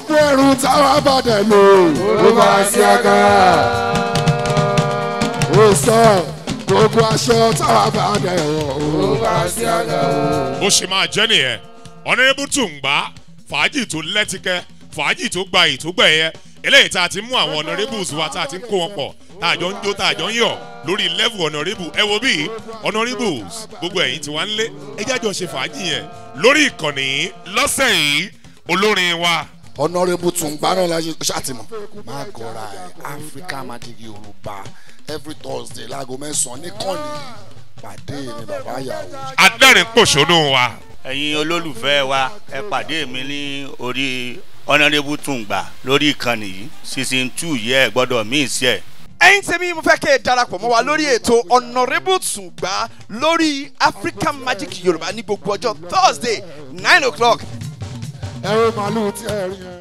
gbogbo ẹ̀rù táwa bàdẹ̀ lò ó máa sí agbára. ó sọ gbogbo aṣọ táwa bàdẹ̀ wọ̀ ó máa sí agbára. bó ṣe máa jẹ́ nìyẹn ọ̀nẹ́rẹ́bù Tùǹgbá fàájì tó lẹ́tíkẹ́ fàájì tó gba ìtúgbẹ̀yẹ eléyìí tá a ti mú àwọn honourables wa tá a ti ń kó wọn pọ̀ tá a jọ ń jó tá a jọ ń yọ̀ lórí level honourable ẹ wo bí honourables gbogbo ẹ̀yin tí wá ń lé ẹ jájọ ṣe fàájì yẹn lórí ìkànnì lọ́sẹ̀ yìí olórin wa honourable tungbana lajẹ ṣàtìmọ máa gọra ẹ Africa Magic Yorùbá every Thursday láago mẹ́sàn-án nìkànnì pàdé mi bàbá yàwó. adẹ́rìn pòṣónú wa. ẹ̀yin olólùfẹ́ wa ẹ pàdé mi ní orí honourable tungba lórí ìkànnì yìí season two yẹ ẹ gbọ́dọ̀ míì sí ẹ̀ ẹ̀yin tèmi mo fẹ́ kẹ́ ẹ darapọ̀ mọ́ wa lórí ètò honourable tùgbà lórí African Magic Yorùbá ní gbogbo ọjọ́ Thursday nine o'clock ẹ̀rọ màálù tí ẹ rí yẹn.